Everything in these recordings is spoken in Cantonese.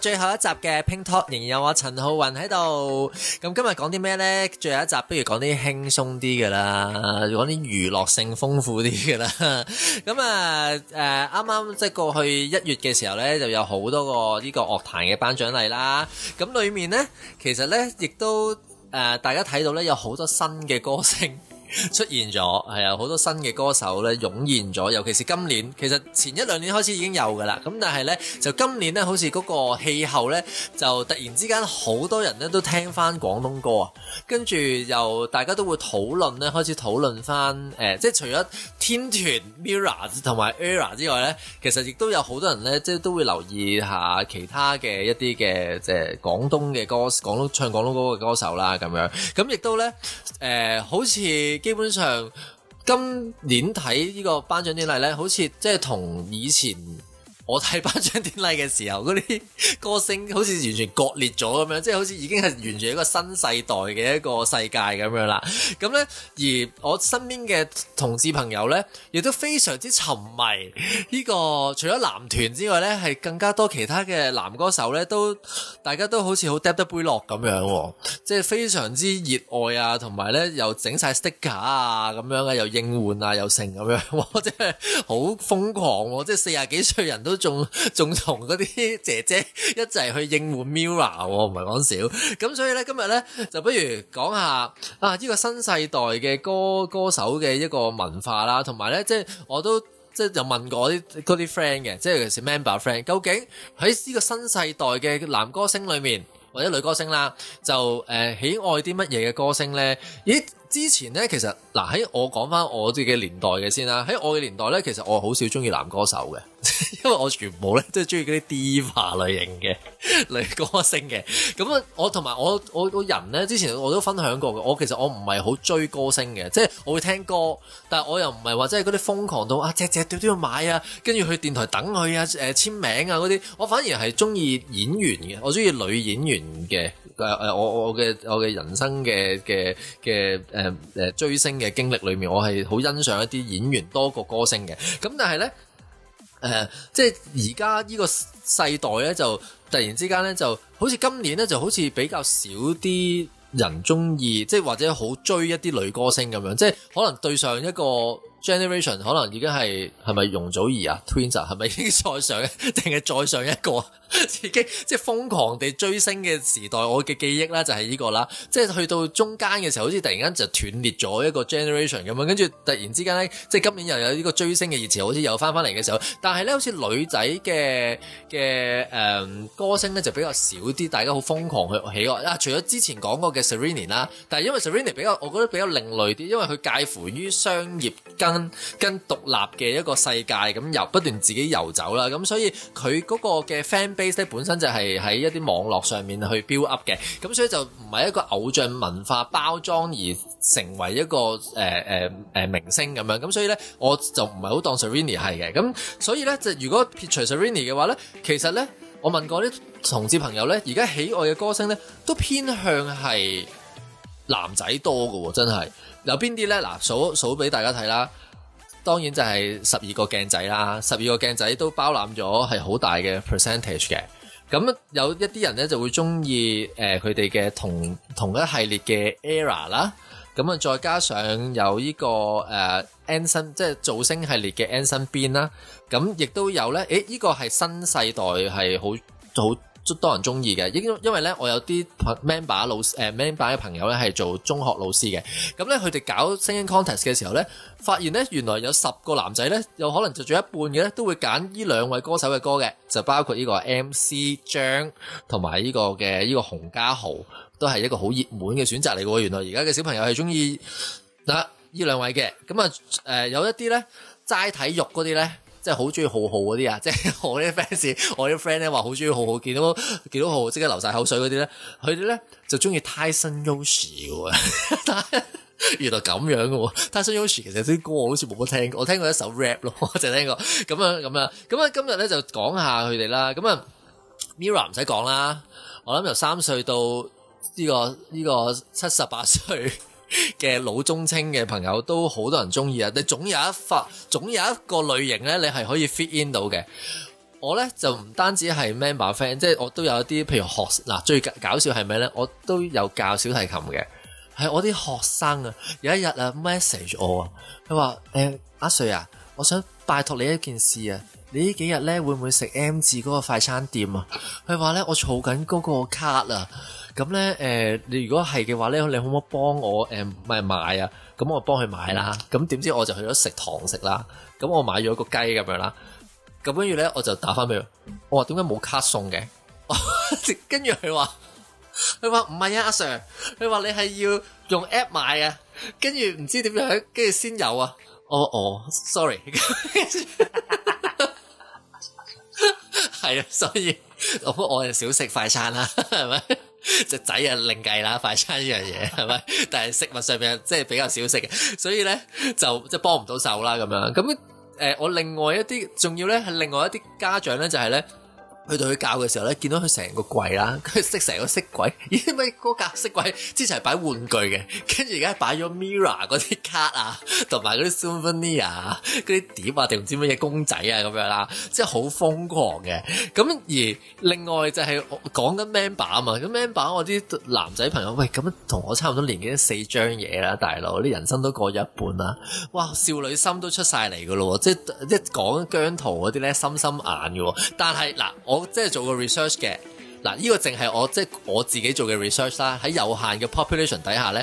最後一集嘅 Pink Talk 仍然有我陳浩雲喺度，咁今日講啲咩呢？最後一集不如講啲輕鬆啲嘅啦，講啲娛樂性豐富啲嘅啦。咁啊誒，啱啱即係過去一月嘅時候呢，就有好多個呢個樂壇嘅頒獎禮啦。咁裡面呢，其實呢，亦都誒、呃，大家睇到呢，有好多新嘅歌星。出現咗，係啊，好多新嘅歌手呢湧現咗，尤其是今年。其實前一兩年開始已經有㗎喇，咁但係呢，就今年呢，好似嗰個氣候呢，就突然之間好多人呢都聽返廣東歌啊，跟住又大家都會討論呢，開始討論返誒、呃，即係除咗天團 Mirror 同埋 Era 之外呢，其實亦都有好多人呢，即係都會留意下其他嘅一啲嘅即係廣東嘅歌手，廣東唱廣東歌嘅歌手啦，咁樣，咁亦都呢，誒、呃，好似。基本上今年睇呢個頒獎典禮咧，好似即係同以前。我睇頒獎典禮嘅時候，啲歌星好似完全割裂咗咁樣，即係好似已經係完全一個新世代嘅一個世界咁樣啦。咁咧，而我身邊嘅同事朋友咧，亦都非常之沉迷呢個，除咗男團之外咧，係更加多其他嘅男歌手咧，都大家都好似好 dead 嗒得杯落咁樣，即係非常之熱愛啊，同埋咧又整晒 sticker 啊，咁樣啊，又應援啊，又成咁樣，即係好瘋狂啊，即係四廿幾歲人都～仲仲同嗰啲姐姐一齊去應援 MIRROR，唔、哦、係講笑。咁所以咧，今日咧就不如講下啊呢、這個新世代嘅歌歌手嘅一個文化啦，同埋咧即係我都即係有問過啲嗰啲 friend 嘅，即係尤其是 member friend，究竟喺呢個新世代嘅男歌星裏面或者女歌星啦，就誒、呃、喜愛啲乜嘢嘅歌星咧？咦，之前咧其實嗱喺、啊、我講翻我自己年代嘅先啦，喺我嘅年代咧，其實我好少中意男歌手嘅。 因為我全部咧都係中意嗰啲 D 華類型嘅嚟歌星嘅，咁、嗯、啊我同埋我我個人咧之前我都分享過嘅，我其實我唔係好追歌星嘅，即係我會聽歌，但係我又唔係話即係嗰啲瘋狂到啊只只都要買啊，跟住去電台等佢啊，誒、啊、簽名啊嗰啲，我反而係中意演員嘅，我中意女演員嘅誒誒，我我嘅我嘅人生嘅嘅嘅誒誒追星嘅經歷裏面，我係好欣賞一啲演員多過歌星嘅，咁但係咧。誒、呃，即係而家呢個世代咧，就突然之間咧，就好似今年咧，就好似比較少啲人中意，即係或者好追一啲女歌星咁樣，即係可能對上一個。Generation 可能已經係係咪容祖兒啊？Twins 啊，係咪、啊、已經再上？定係再上一個？已 經即係瘋狂地追星嘅時代，我嘅記憶啦就係呢、呢個啦。即係去到中間嘅時候，好似突然間就斷裂咗一個 generation 咁樣，跟住突然之間咧，即係今年又有呢個追星嘅熱潮，好似又翻翻嚟嘅時候。但係咧，好似女仔嘅嘅誒歌星咧就比較少啲，大家好瘋狂去喜愛啊！除咗之前講過嘅 Serena 啦，但係因為 Serena 比較，我覺得比較另類啲，因為佢介乎於商業。跟跟獨立嘅一個世界咁遊不斷自己遊走啦，咁所以佢嗰個嘅 fan base 咧，本身就係喺一啲網絡上面去 build up 嘅，咁所以就唔係一個偶像文化包裝而成為一個誒誒誒明星咁樣，咁所以咧我就唔係好當 Sirini 係嘅。咁所以咧，就如果撇除 Sirini 嘅話咧，其實咧我問過啲同志朋友咧，而家喜愛嘅歌星咧都偏向係男仔多㗎喎，真係。有邊啲咧？嗱，數數俾大家睇啦。當然就係十二個鏡仔啦，十二個鏡仔都包攬咗係好大嘅 percentage 嘅。咁有一啲人咧就會中意誒佢哋嘅同同一系列嘅 era 啦。咁啊，再加上有呢、這個誒 n 星即係造星系列嘅 n 星邊啦。咁亦都有咧，誒、欸、呢、這個係新世代係好好。都多人中意嘅，因因為咧，我有啲 member 老師誒 member 嘅朋友咧係做中學老師嘅，咁咧佢哋搞聲音 contest 嘅時候咧，發現咧原來有十個男仔咧，有可能就做一半嘅咧，都會揀呢兩位歌手嘅歌嘅，就包括呢個 M C 張同埋呢個嘅呢個洪家豪，都係一個好熱門嘅選擇嚟嘅喎。原來而家嘅小朋友係中意嗱呢兩位嘅，咁啊誒有一啲咧齋體育嗰啲咧。即係好中意浩浩嗰啲啊！即係我啲 fans，我啲 friend 咧話好中意浩浩，見到見到浩浩即刻流晒口水嗰啲咧，佢哋咧就中意 Tyson Yoshi 啊！ 原來咁樣嘅喎，Tyson Yoshi 其實啲歌我好似冇乜聽過，我聽過一首 rap 咯，我淨係聽過咁樣咁樣咁啊！今日咧就講下佢哋啦。咁啊 Mirror 唔使講啦，我諗由三歲到呢個呢個七十八歲。嘅老中青嘅朋友都好多人中意啊！你總有一發，總有一個類型咧，你係可以 fit in 到嘅。我咧就唔單止係 member friend，即係我都有一啲，譬如學嗱最搞笑係咩咧？我都有教小提琴嘅，係我啲學生啊，有一日啊 message 我啊，佢話，誒阿瑞啊，我想拜託你一件事啊，你呢幾日咧會唔會食 M 字嗰個快餐店啊？佢話咧我儲緊嗰個卡啊。咁咧，誒，你如果係嘅話咧，你可唔可以幫我誒，唔係買啊？咁我幫佢買啦。咁點知我就去咗食堂食啦。咁我買咗個雞咁樣啦。咁跟住咧，我就打翻俾佢。我話點解冇卡送嘅？跟住佢話，佢話唔係啊，阿 Sir。佢話你係要用 app 買啊。跟住唔知點樣，跟住先有啊。哦哦，sorry。係啊，所以。我我就少食快餐啦，係咪？只仔啊，另計啦，快餐呢樣嘢，係咪？ 但係食物上面即係比較少食，所以咧就即係幫唔到手啦咁樣。咁誒、呃，我另外一啲仲要咧，係另外一啲家長咧，就係、是、咧。去到佢教嘅時候咧，見到佢成個櫃啦，佢識成個色鬼，咦？咪嗰個架色鬼之前係擺玩具嘅，跟住而家擺咗 mirror 嗰啲卡啊，同埋嗰啲 souvenir、嗰啲碟啊，定唔、啊、知乜嘢公仔啊咁樣啦、啊，即係好瘋狂嘅。咁而另外就係講緊 member 啊嘛，咁 member 我啲男仔朋友，喂，咁同我差唔多年紀四張嘢啦，大佬啲人生都過咗一半啦、啊，哇，少女心都出晒嚟㗎咯，即係一講姜濤嗰啲咧，心心眼嘅。但係嗱，我。即係做個 research 嘅，嗱呢，呢個淨係我即係我自己做嘅 research 啦。喺有限嘅 population 底下呢，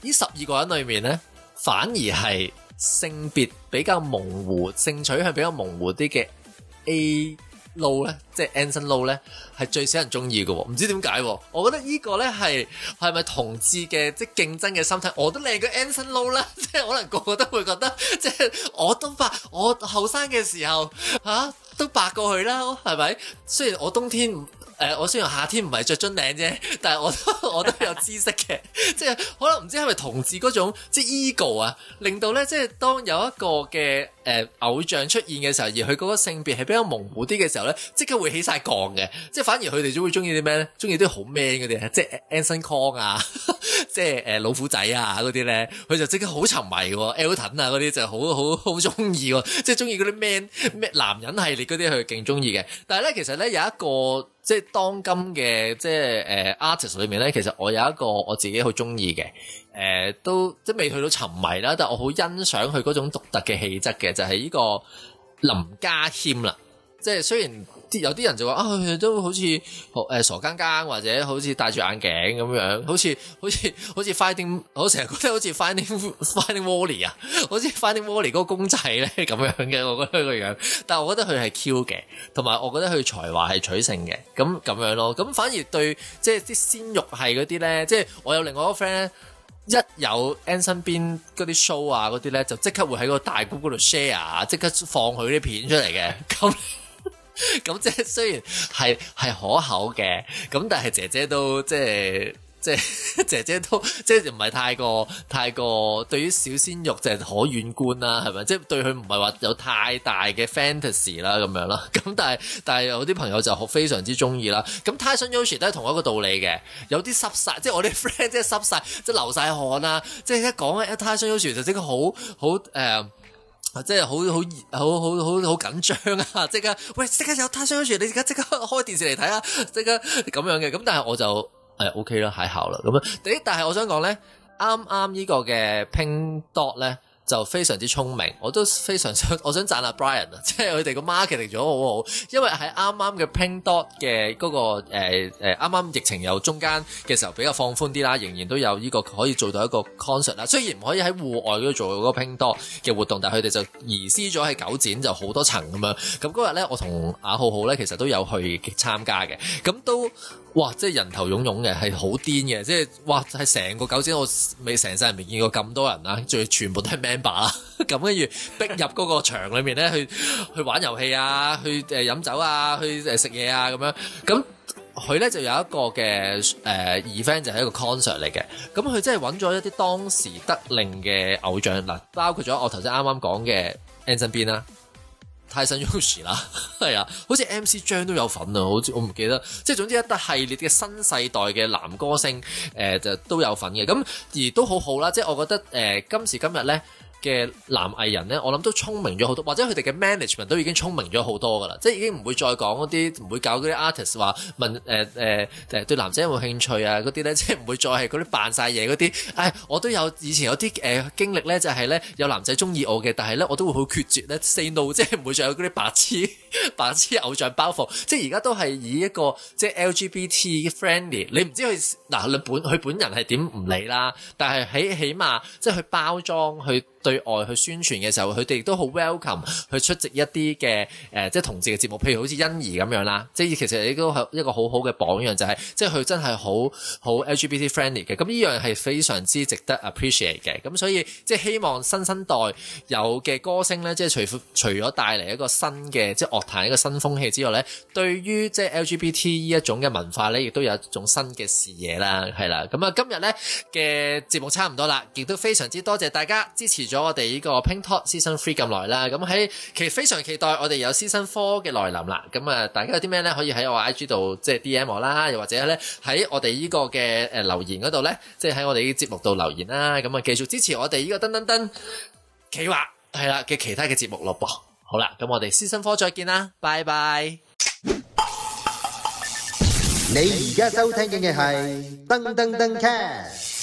呢十二個人裏面呢，反而係性別比較模糊、性取向比較模糊啲嘅 A。Low 咧，即係 Anson Low 咧，係最少人中意嘅，唔知點解？我覺得呢個咧係係咪同志嘅即係競爭嘅心態？我都靚過 Anson Low 啦，即係可能個個都會覺得，即係我都白我後生嘅時候吓、啊，都白過去啦，係咪？雖然我冬天。誒、呃，我雖然夏天唔係着樽領啫，但係我都我都有知識嘅，即係可能唔知係咪同志嗰種即係 ego 啊，令到咧即係當有一個嘅誒、呃、偶像出現嘅時候，而佢嗰個性別係比較模糊啲嘅時候咧，即刻會起晒槓嘅，即係反而佢哋仲會中意啲咩咧？中意啲好 man 嗰啲，即係 a n s h o n Kong 啊，啊即係誒、呃、老虎仔啊嗰啲咧，佢就即刻好沉迷，Elton 啊嗰啲、啊、就好好好中意，即係中意嗰啲 man m 男人系列嗰啲，佢勁中意嘅。但係咧，其實咧有一個。即係當今嘅即係誒 artist 裏面咧，其實我有一個我自己好中意嘅，誒、呃、都即係未去到沉迷啦，但係我好欣賞佢嗰種獨特嘅氣質嘅，就係、是、呢個林家謙啦。即係雖然啲有啲人就話啊，佢都好似誒、欸、傻更更，或者好似戴住眼鏡咁樣，好似好似好似 Finding，我成日覺得好似 Finding Finding Wally 啊，好似 Finding Wally 嗰個公仔咧咁樣嘅，我覺得佢個樣。但係我覺得佢係 Q 嘅，同埋我覺得佢才華係取勝嘅，咁咁樣，樣咯。咁反而對即係啲鮮肉係嗰啲咧，即、就、係、是、我有另外一個 friend，一有 N 身邊嗰啲 show 啊嗰啲咧，就即刻會喺個大 group 嗰度 share，即刻放佢啲片出嚟嘅。咁 咁即係雖然係係可口嘅，咁但係姐姐都即係即係姐姐都即係唔係太過太過對於小鮮肉就可遠觀啦，係咪？即係對佢唔係話有太大嘅 fantasy 啦咁樣啦。咁但係但係有啲朋友就非常之中意啦。咁 Tyson Yoshi 都係同一個道理嘅，有啲濕晒，即係我啲 friend 即係濕晒，即係流晒汗啊！即係一講 Tyson Yoshi 就即係好好誒。即係好好好好好好緊張啊！即刻喂，即刻有 discussion 你而家即刻開電視嚟睇啊！即刻咁樣嘅，咁但係我就誒、哎、OK 啦，喺校啦咁啊。誒，但係我想講咧，啱啱呢個嘅拼多咧。就非常之聰明，我都非常想我想讚下、啊、Brian 啊，即係佢哋個 marketing 做得好好，因為喺啱啱嘅 pink d o 多嘅個誒誒啱啱疫情又中間嘅時候比較放寬啲啦，仍然都有呢、這個可以做到一個 concert 啦。雖然唔可以喺戶外度做個 pink d o 多嘅活動，但係佢哋就移師咗喺九展就好多層咁樣咁日咧，我同阿浩浩咧其實都有去參加嘅，咁都哇，即係人頭湧湧嘅，係好癲嘅，即係哇係成個九展我未成世人未見過咁多人啊，最全部都係咩？咁跟住逼入嗰個場裏面咧，去去玩遊戲啊，去誒飲酒啊，去食嘢啊，咁樣咁佢咧就有一個嘅誒二 f 就係一個 concert 嚟嘅，咁佢真係揾咗一啲當時得令嘅偶像，嗱包括咗我頭先啱啱講嘅 Anderson 邊啦，Tyson 啦，係啊，好似 MC 張都有份啊，好似我唔記得，即係總之一啲系列嘅新世代嘅男歌星誒就都有份嘅，咁而都好好啦，即係我覺得誒今時今日咧。嘅男藝人咧，我諗都聰明咗好多，或者佢哋嘅 management 都已經聰明咗好多噶啦，即係已經唔會再講嗰啲，唔會搞嗰啲 artist 話問誒誒誒對男仔有冇興趣啊嗰啲咧，即係唔會再係嗰啲扮晒嘢嗰啲。唉，我都有以前有啲誒、呃、經歷咧，就係咧有男仔中意我嘅，但係咧我都會好決絕咧 say no，即係唔會再有嗰啲白痴白痴白痴偶像包袱。即係而家都係以一個即係 LGBT friendly，你唔知佢嗱佢本佢本人係點唔理啦，但係起起碼即係去包裝去。對外去宣傳嘅時候，佢哋亦都好 welcome 去出席一啲嘅誒即係同志嘅節目，譬如好似欣兒咁樣啦。即係其實亦都係一個好好嘅榜樣就係、是、即係佢真係好好 LGBT friendly 嘅。咁呢樣係非常之值得 appreciate 嘅。咁所以即係希望新生代有嘅歌星咧，即係除除咗帶嚟一個新嘅即係樂壇一個新風氣之外咧，對於即係 LGBT 呢一種嘅文化咧，亦都有一種新嘅視野啦，係啦。咁啊，今日咧嘅節目差唔多啦，亦都非常之多謝大家支持咗咗我哋呢個 Ping Talk Season Three 咁耐啦，咁喺其實非常期待我哋有 Season Four 嘅來臨啦。咁啊，大家有啲咩咧可以喺我 IG 度即係 DM 我啦，又或者咧喺我哋呢個嘅誒留言嗰度咧，即係喺我哋呢個節目度留言啦。咁啊，繼續支持我哋呢個噔噔噔企劃係啦嘅其他嘅節目咯噃。好啦，咁我哋 Season Four 再見啦，拜拜。你而家收聽緊嘅係噔噔噔 Cash。